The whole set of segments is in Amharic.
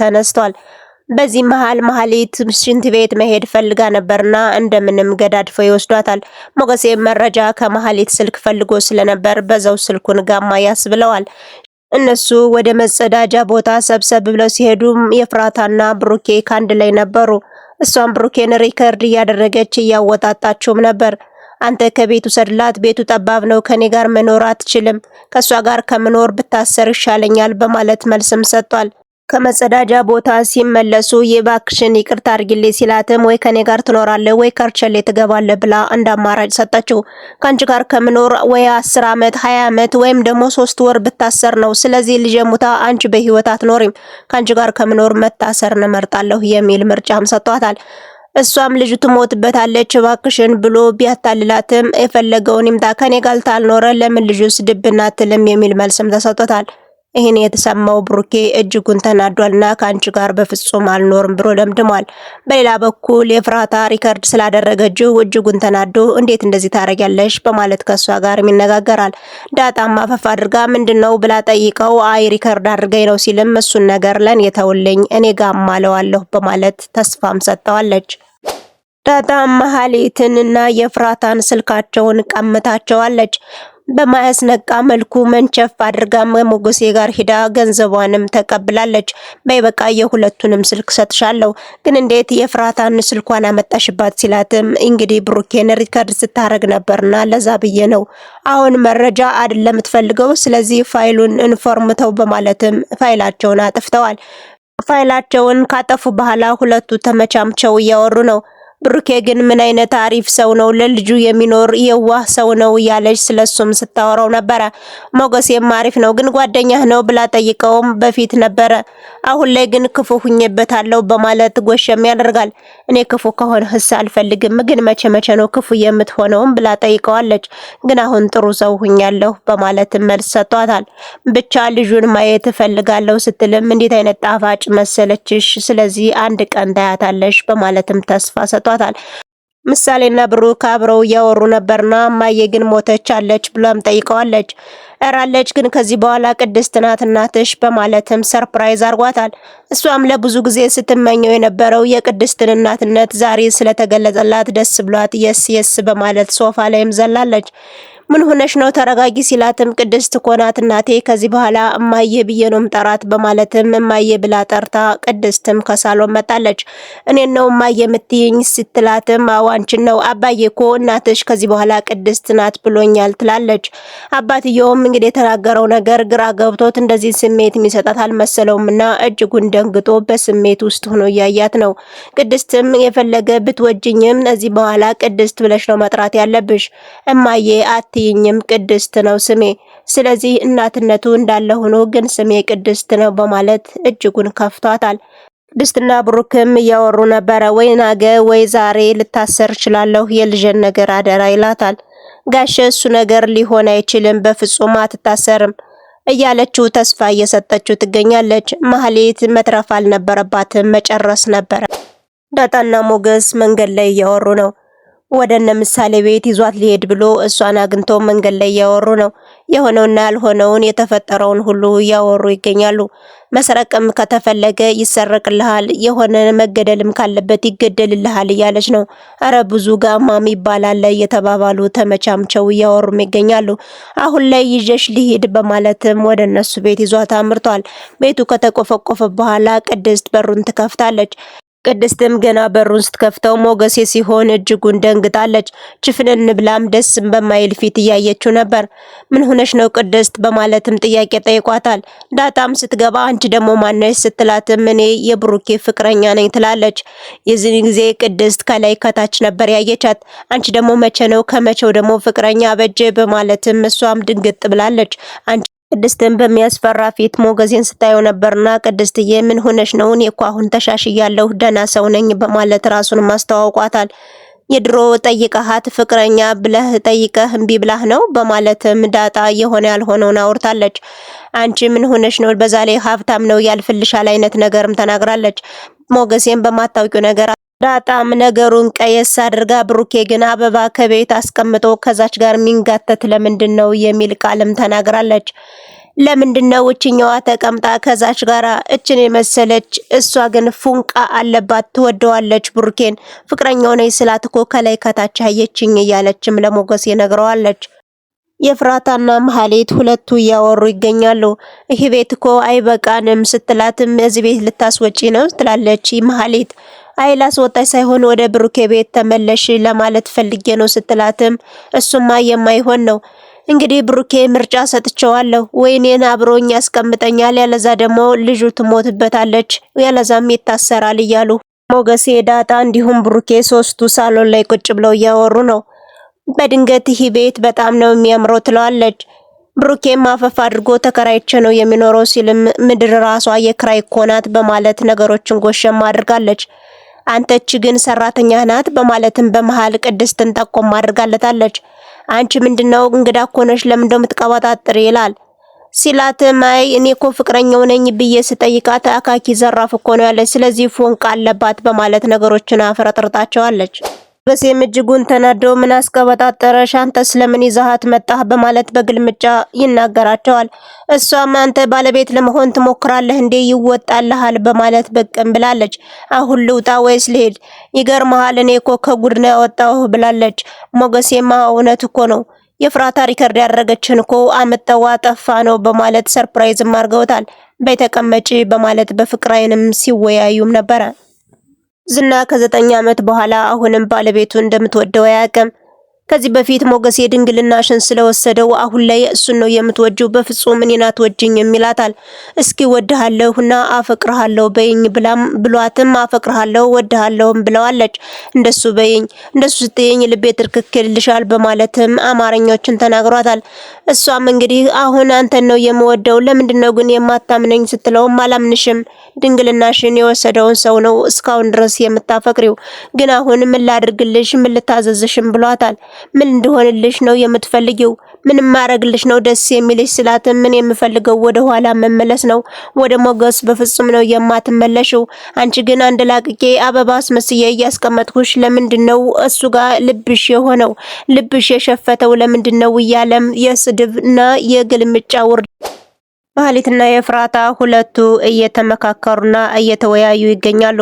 ተነስቷል። በዚህ መሃል መሀሊት ሽንት ቤት መሄድ ፈልጋ ነበርና እንደምንም ገዳድፎ ይወስዷታል። ሞገሴ መረጃ ከመሀሊት ስልክ ፈልጎ ስለነበር በዛው ስልኩን ጋማ ያስ ብለዋል። እነሱ ወደ መጸዳጃ ቦታ ሰብሰብ ብለው ሲሄዱም የፍራታና ብሩኬ ከአንድ ላይ ነበሩ። እሷም ብሩኬን ሪከርድ እያደረገች እያወጣጣችውም ነበር። አንተ ከቤቱ ሰድላት፣ ቤቱ ጠባብ ነው፣ ከኔ ጋር መኖር አትችልም፣ ከእሷ ጋር ከምኖር ብታሰር ይሻለኛል በማለት መልስም ሰጥቷል። ከመጸዳጃ ቦታ ሲመለሱ የባክሽን ይቅርታ አድርጊልኝ ሲላትም ወይ ከኔ ጋር ትኖራለህ ወይ ከርቸሌ ትገባለህ ብላ እንደ አማራጭ ሰጠችው። ከአንቺ ጋር ከምኖር ወይ አስር ዓመት ሀያ ዓመት ወይም ደግሞ ሶስት ወር ብታሰር ነው። ስለዚህ ልጄ ሙታ አንቺ በህይወት አትኖሪም። ከአንቺ ጋር ከምኖር መታሰር እመርጣለሁ የሚል ምርጫም ሰጥቷታል። እሷም ልጁ ትሞትበታለች እባክሽን ብሎ ቢያታልላትም የፈለገውን ይምጣ ከኔ ጋር ታልኖረ ለምን ልጁስ ድብና ትልም የሚል መልስም ተሰጥቷታል። ይህን የተሰማው ብሩኬ እጅጉን ተናዷልና ከአንቺ ጋር በፍጹም አልኖርም ብሎ ደምድሟል። በሌላ በኩል የፍራታ ሪከርድ ስላደረገችው እጅጉን ተናዶ እንዴት እንደዚህ ታደርጊያለሽ በማለት ከሷ ጋር ይነጋገራል። ዳጣም አፈፍ አድርጋ ምንድነው ብላ ጠይቀው አይ ሪከርድ አድርገኝ ነው ሲልም እሱን ነገር ለን የተውልኝ እኔ ጋር አለዋለሁ በማለት ተስፋም ሰጥተዋለች። ዳጣም መሀሌትንና የፍራታን ስልካቸውን ቀምታቸዋለች። በማያስነቃ መልኩ መንቸፍ አድርጋ ሞገሴ ጋር ሂዳ ገንዘቧንም ተቀብላለች። በይ በቃ የሁለቱንም ስልክ ሰጥሻለሁ፣ ግን እንዴት የፍራታን ስልኳን አመጣሽባት? ሲላትም እንግዲህ ብሩኬን ሪከርድ ስታረግ ነበርና ለዛ ብዬ ነው። አሁን መረጃ አይደለም ለምትፈልገው፣ ስለዚህ ፋይሉን እንፎርምተው በማለትም ፋይላቸውን አጥፍተዋል። ፋይላቸውን ካጠፉ በኋላ ሁለቱ ተመቻምቸው እያወሩ ነው። ብሩኬ ግን ምን አይነት አሪፍ ሰው ነው፣ ለልጁ የሚኖር የዋህ ሰው ነው እያለች ስለሱም ስታወራው ነበረ። ሞገሴም አሪፍ ነው ግን ጓደኛህ ነው ብላ ጠይቀውም በፊት ነበረ። አሁን ላይ ግን ክፉ ሁኜበታለሁ በማለት ጎሸም ያደርጋል። እኔ ክፉ ከሆነ ህስ አልፈልግም፣ ግን መቼ መቼ ነው ክፉ የምትሆነውም ብላ ጠይቀዋለች። ግን አሁን ጥሩ ሰው ሁኛለሁ በማለት መልስ ሰጥቷታል። ብቻ ልጁን ማየት እፈልጋለሁ ስትልም እንዴት አይነት ጣፋጭ መሰለችሽ፣ ስለዚህ አንድ ቀን ታያታለሽ በማለትም ተስፋ ሰጥቷል። ሰጥቷታል። ምሳሌና ብሩክ አብረው እያወሩ ነበርና እማዬ ግን ሞተች አለች ብሏም ጠይቀዋለች። እራለች ግን ከዚህ በኋላ ቅድስት ናት እናትሽ በማለትም ሰርፕራይዝ አርጓታል። እሷም ለብዙ ጊዜ ስትመኘው የነበረው የቅድስትን እናትነት ዛሬ ስለተገለጸላት ደስ ብሏት የስ የስ በማለት ሶፋ ላይም ዘላለች። ምን ሆነሽ ነው ተረጋጊ ሲላትም ቅድስት ኮናት እናቴ ከዚህ በኋላ እማዬ ብዬ ነው ምጠራት በማለትም እማዬ ብላ ጠርታ ቅድስትም ከሳሎን መጣለች። እኔን ነው እማዬ የምትይኝ ስትላትም አዋንችን ነው አባዬ ኮ እናትሽ ከዚህ በኋላ ቅድስት ናት ብሎኛል ትላለች። አባትየውም እንግዲህ የተናገረው ነገር ግራ ገብቶት እንደዚህ ስሜት የሚሰጣት አልመሰለውምና እጅጉን ደንግጦ በስሜት ውስጥ ሆኖ እያያት ነው። ቅድስትም የፈለገ ብትወጅኝም እዚህ በኋላ ቅድስት ብለሽ ነው መጥራት ያለብሽ እማዬ አት አትይኝም ቅድስት ነው ስሜ። ስለዚህ እናትነቱ እንዳለ ሆኖ ግን ስሜ ቅድስት ነው በማለት እጅጉን ከፍቷታል። ቅድስትና ብሩክም እያወሩ ነበረ። ወይ ነገ ወይ ዛሬ ልታሰር እችላለሁ፣ የልጀን ነገር አደራ ይላታል። ጋሼ እሱ ነገር ሊሆን አይችልም፣ በፍጹም አትታሰርም እያለችው ተስፋ እየሰጠችው ትገኛለች። ማህሌት መትረፍ አልነበረባትም፣ መጨረስ ነበረ። ዳጣና ሞገስ መንገድ ላይ እያወሩ ነው። ወደ እነ ምሳሌ ቤት ይዟት ሊሄድ ብሎ እሷን አግኝቶ መንገድ ላይ እያወሩ ነው። የሆነውና ያልሆነውን የተፈጠረውን ሁሉ እያወሩ ይገኛሉ። መስረቅም ከተፈለገ ይሰረቅልሃል፣ የሆነ መገደልም ካለበት ይገደልልሃል እያለች ነው። እረ ብዙ ጋማም ይባላል እየተባባሉ ተመቻምቸው እያወሩም ይገኛሉ። አሁን ላይ ይዤሽ ሊሄድ በማለትም ወደ እነሱ ቤት ይዟት አምርቷል። ቤቱ ከተቆፈቆፈ በኋላ ቅድስት በሩን ትከፍታለች። ቅድስትም ገና በሩን ስትከፍተው ሞገሴ ሲሆን እጅጉን ደንግጣለች። ችፍንን ብላም ደስ በማይል ፊት እያየችው ነበር። ምን ሆነሽ ነው ቅድስት በማለትም ጥያቄ ጠይቋታል። ዳጣም ስትገባ አንቺ ደግሞ ማነሽ ስትላትም እኔ የብሩኬ ፍቅረኛ ነኝ ትላለች። የዚህ ጊዜ ቅድስት ከላይ ከታች ነበር ያየቻት። አንቺ ደግሞ መቼ ነው ከመቼው ደግሞ ፍቅረኛ በጀ በማለትም እሷም ድንግጥ ብላለች። ቅድስትን በሚያስፈራ ፊት ሞገዜን ስታየው ነበርና ቅድስትዬ ምን ሆነሽ ነው? እኔ እኮ አሁን ተሻሽያለሁ ደህና ሰው ነኝ በማለት ራሱን ማስተዋውቋታል። የድሮ ጠይቀሃት ፍቅረኛ ብለህ ጠይቀህ እምቢ ብላህ ነው በማለትም ዳጣ የሆነ ያልሆነውን አውርታለች። አንቺ ምን ሆነሽ ነው? በዛ ላይ ሀብታም ነው ያልፍልሻል አይነት ነገርም ተናግራለች። ሞገሴን በማታውቂው ነገር ዳጣም ነገሩን ቀየስ አድርጋ ብሩኬ ግን አበባ ከቤት አስቀምጦ ከዛች ጋር የሚንጋተት ለምንድን ነው የሚል ቃልም ተናግራለች። ለምንድን ነው እችኛዋ ተቀምጣ ከዛች ጋራ እችን የመሰለች እሷ ግን ፉንቃ አለባት ትወደዋለች ብሩኬን ፍቅረኛው ነኝ ስላት እኮ ከላይ ከታች አየችኝ እያለችም ለሞገስ ይነግረዋለች። የፍራታና መሀሌት ሁለቱ እያወሩ ይገኛሉ። ይህ ቤት እኮ አይበቃንም ስትላትም እዚህ ቤት ልታስወጪ ነው ትላለች መሀሌት አይ ላስወጣሽ ሳይሆን ወደ ብሩኬ ቤት ተመለሽ ለማለት ፈልጌ ነው ስትላትም እሱማ የማይሆን ነው እንግዲህ ብሩኬ ምርጫ ወይ ወይኔን አብሮኝ ያስቀምጠኛል፣ ያለዛ ደግሞ ልጁ ትሞትበታለች፣ ያለዛም ይታሰራል እያሉ ሞገሴ፣ ዳጣ እንዲሁም ብሩኬ ሶስቱ ሳሎን ላይ ቁጭ ብለው እያወሩ ነው። በድንገት ይህ ቤት በጣም ነው የሚያምረው ትለዋለች። ብሩኬም አፈፍ አድርጎ ተከራይቼ ነው የሚኖረው ሲልም ምድር ራሷ የክራይ ኮናት በማለት ነገሮችን ጎሸም አድርጋለች። አንተች ግን ሰራተኛ ናት በማለትም በመሃል ቅድስትን ጠቆም አድርጋለታለች። አንቺ ምንድነው እንግዳ እኮ ነሽ ለምን እንደምትቀባጣጥር ይላል ሲላትም አይ እኔ እኮ ፍቅረኛው ነኝ ብዬ ስጠይቃት አካኪ ዘራፍ እኮ ነው ያለች፣ ስለዚህ ፎንቃ አለባት በማለት ነገሮችን አፈረጥርጣቸዋለች። አበሴም እጅጉን ተናዶ ምን አስቀበጣጠረሽ? አንተስ ለምን ይዛሃት መጣህ? በማለት በግልምጫ ይናገራቸዋል። እሷም አንተ ባለቤት ለመሆን ትሞክራለህ እንዴ? ይወጣልሃል በማለት በቅም ብላለች። አሁን ልውጣ ወይስ ልሄድ? ይገርመሃል እኔ እኮ ከጉድ ነው ያወጣሁህ ብላለች። ሞገሴማ እውነት እኮ ነው የፍራታ ሪከርድ ያደረገችን እኮ አምጠዋ ጠፋ ነው በማለት ሰርፕራይዝም አድርገውታል። በተቀመጪ በማለት በፍቅር አይንም ሲወያዩም ነበረ። ዝና ከዘጠኝ ዓመት በኋላ አሁንም ባለቤቱ እንደምትወደው አያውቅም። ከዚህ በፊት ሞገስ የድንግልናሽን ስለወሰደው አሁን ላይ እሱን ነው የምትወጂው፣ በፍጹም እኔን አትወጂኝም የሚላታል። እስኪ ወድሃለሁና አፈቅርሃለሁ በይኝ ብላም ብሏትም አፈቅርሃለሁ ወድሃለሁም ብለዋለች። እንደሱ በይኝ እንደሱ ስትይኝ ልቤ ትርክክልልሻል በማለትም አማርኛዎችን ተናግሯታል። እሷም እንግዲህ አሁን አንተን ነው የምወደው ለምንድን ነው ግን የማታምነኝ ስትለውም አላምንሽም ድንግልናሽን የወሰደውን ሰው ነው እስካሁን ድረስ የምታፈቅሪው፣ ግን አሁን ምን ላድርግልሽ ምን ልታዘዝሽም ብሏታል። ምን እንደሆንልሽ ነው የምትፈልጊው? ምን ማረግልሽ ነው ደስ የሚልሽ ስላት ምን የምፈልገው ወደ ኋላ መመለስ ነው። ወደ ሞገስ በፍጹም ነው የማትመለሽው። አንቺ ግን አንድ ላቅቄ አበባ አስመስዬ እያስቀመጥኩሽ ለምንድን ነው እሱ ጋር ልብሽ የሆነው ልብሽ የሸፈተው ለምንድን ነው እያለም የስድብና የግልምጫ ውርድ መሀሊትና የፍራታ ሁለቱ እየተመካከሩና እየተወያዩ ይገኛሉ።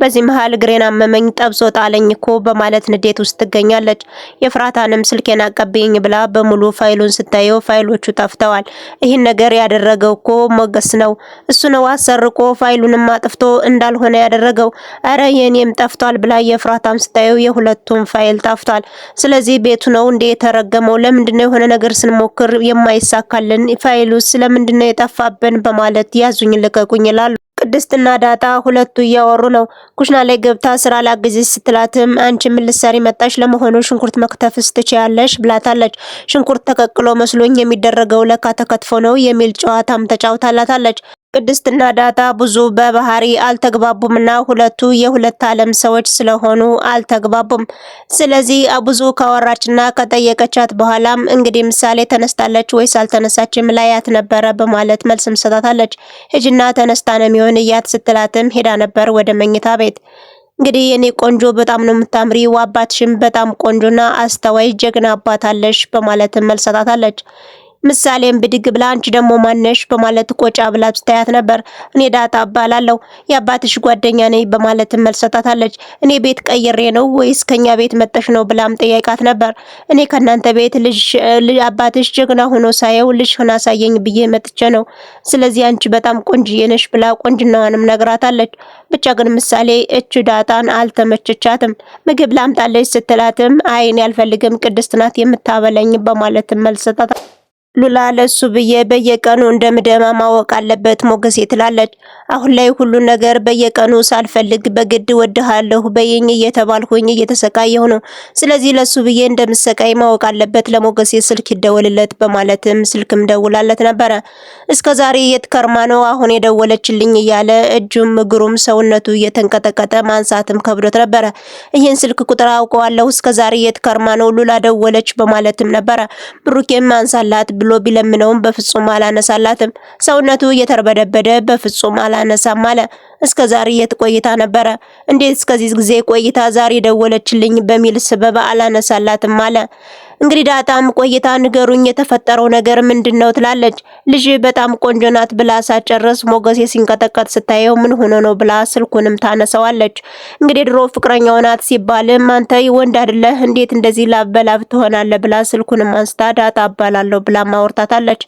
በዚህ መሀል እግሬን አመመኝ ጠብሶ ጣለኝ እኮ በማለት ንዴት ውስጥ ትገኛለች። የፍራታንም ስልኬን አቀብኝ ብላ በሙሉ ፋይሉን ስታየው ፋይሎቹ ጠፍተዋል። ይህን ነገር ያደረገው እኮ ሞገስ ነው። እሱ ነው አሰርቆ ፋይሉንም አጥፍቶ እንዳልሆነ ያደረገው። አረ የኔም ጠፍቷል ብላ የፍራታም ስታየው የሁለቱም ፋይል ጠፍቷል። ስለዚህ ቤቱ ነው እንዴ የተረገመው? ለምንድነው የሆነ ነገር ስንሞክር የማይሳካልን? ፋይሉ ስለምንድነው የጠፋብን በማለት ያዙኝ ልቀቁኝ ይላሉ። ቅድስትና ዳጣ ሁለቱ እያወሩ ነው። ኩሽና ላይ ገብታ ስራ ላግዝሽ ስትላትም አንቺ ምን ልትሰሪ መጣሽ? ለመሆኑ ሽንኩርት መክተፍስ ትችያለሽ? ብላታለች። ሽንኩርት ተቀቅሎ መስሎኝ የሚደረገው ለካ ተከትፎ ነው የሚል ጨዋታም ተጫውታላታለች። ቅድስትና ዳታ ብዙ በባህሪ አልተግባቡምና ሁለቱ የሁለት ዓለም ሰዎች ስለሆኑ አልተግባቡም። ስለዚህ አብዙ ካወራችና ከጠየቀቻት በኋላም እንግዲህ ምሳሌ ተነስታለች ወይስ አልተነሳችም ላያት ነበረ በማለት መልስም ሰጣታለች። ሂጂና ተነስታ ነው የሚሆን እያት ስትላትም ሄዳ ነበር ወደ መኝታ ቤት። እንግዲህ የኔ ቆንጆ በጣም ነው የምታምሪ፣ አባትሽም በጣም ቆንጆና አስተዋይ ጀግና አባት አለሽ በማለትም መልስ ሰጣታለች። ምሳሌም ብድግ ብላ አንቺ ደግሞ ማነሽ በማለት ቆጫ ብላ ስታያት ነበር። እኔ ዳጣ እባላለሁ የአባትሽ ጓደኛ ነኝ በማለት መልሰታታለች። እኔ ቤት ቀይሬ ነው ወይስ ከኛ ቤት መጠሽ ነው ብላም ጠያቃት ነበር። እኔ ከእናንተ ቤት ልጅ አባትሽ ጀግና ሆኖ ሳየው ልጅ ሆና ሳየኝ ብዬ መጥቼ ነው። ስለዚህ አንቺ በጣም ቆንጅዬ ነሽ ብላ ቆንጅናዋንም ነግራታለች። ብቻ ግን ምሳሌ እች ዳጣን አልተመቸቻትም። ምግብ ላምጣለች ስትላትም አይን ያልፈልግም ቅድስት ናት የምታበለኝ በማለት መልሰታታለች። ሉላ ለሱ ብዬ በየቀኑ እንደምደማ ማወቅ አለበት ሞገሴ ትላለች። አሁን ላይ ሁሉ ነገር በየቀኑ ሳልፈልግ በግድ ወድሃለሁ በይኝ እየተባልኩኝ እየተሰቃየሁ ነው። ስለዚህ ለሱ ብዬ እንደምሰቃይ ማወቅ አለበት ለሞገሴ ስልክ ይደወልለት በማለትም ስልክም ደውላለት ነበረ። እስከ ዛሬ የት ከርማ ነው አሁን የደወለችልኝ እያለ እጁም እግሩም ሰውነቱ እየተንቀጠቀጠ ማንሳትም ከብዶት ነበረ። ይህን ስልክ ቁጥር አውቀዋለሁ። እስከ ዛሬ የት ከርማ ነው ሉላ ደወለች በማለትም ነበረ ብሩኬም ማንሳላት? ብሎ ቢለምነውም በፍጹም አላነሳላትም። ሰውነቱ እየተርበደበደ በፍጹም አላነሳም አለ። እስከ ዛሬ የት ቆይታ ነበረ? እንዴት እስከዚህ ጊዜ ቆይታ ዛሬ ደወለችልኝ በሚል ስበብ አላነሳላትም አለ። እንግዲህ ዳጣም ቆይታ ንገሩኝ የተፈጠረው ነገር ምንድን ነው ትላለች። ልጅ በጣም ቆንጆ ናት ብላ ሳጨርስ ሞገሴ ሲንቀጠቀጥ ስታየው ምን ሆኖ ነው ብላ ስልኩንም ታነሳዋለች። እንግዲህ ድሮ ፍቅረኛው ናት ሲባልም አንተ ወንድ አይደለህ እንዴት እንደዚህ ላብ በላብ ትሆናለህ ብላ ስልኩንም አንስታ ዳጣ አባላለሁ ብላ ማወርታታለች።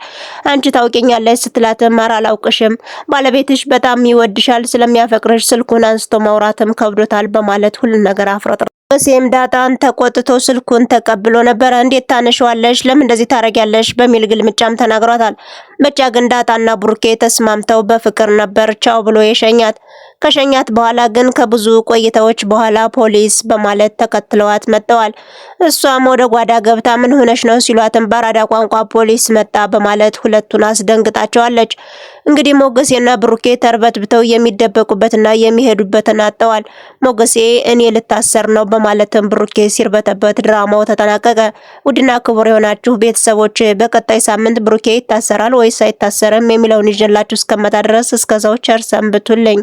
አንቺ ታውቂኛለሽ ስትላትም ኧረ አላውቅሽም፣ ባለቤትሽ በጣም ይወድሻል ስለሚያፈቅርሽ ስልኩን አንስቶ ማውራትም ከብዶታል በማለት ሁሉን ነገር አፍረጥ ሴም ዳጣን ተቆጥቶ ስልኩን ተቀብሎ ነበረ። እንዴት ታነሸዋለሽ? ለምን እንደዚህ ታረጊያለሽ? በሚል ግልምጫም ተናግሯታል። ብቻ ግን ዳጣና ቡርኬ ተስማምተው በፍቅር ነበር ቻው ብሎ የሸኛት። ከሸኛት በኋላ ግን ከብዙ ቆይታዎች በኋላ ፖሊስ በማለት ተከትለዋት መጥተዋል። እሷም ወደ ጓዳ ገብታ ምን ሆነሽ ነው ሲሏትም በአራዳ ቋንቋ ፖሊስ መጣ በማለት ሁለቱን አስደንግጣቸዋለች። እንግዲህ ሞገሴና ብሩኬ ተርበትብተው የሚደበቁበትና የሚሄዱበትን አጠዋል። ሞገሴ እኔ ልታሰር ነው በማለትም ብሩኬ ሲርበተበት ድራማው ተጠናቀቀ። ውድና ክቡር የሆናችሁ ቤተሰቦች በቀጣይ ሳምንት ብሩኬ ይታሰራል ወይስ አይታሰርም የሚለውን ይዤላችሁ እስከመጣ ድረስ እስከዛው ቸር ሰንብቱልኝ።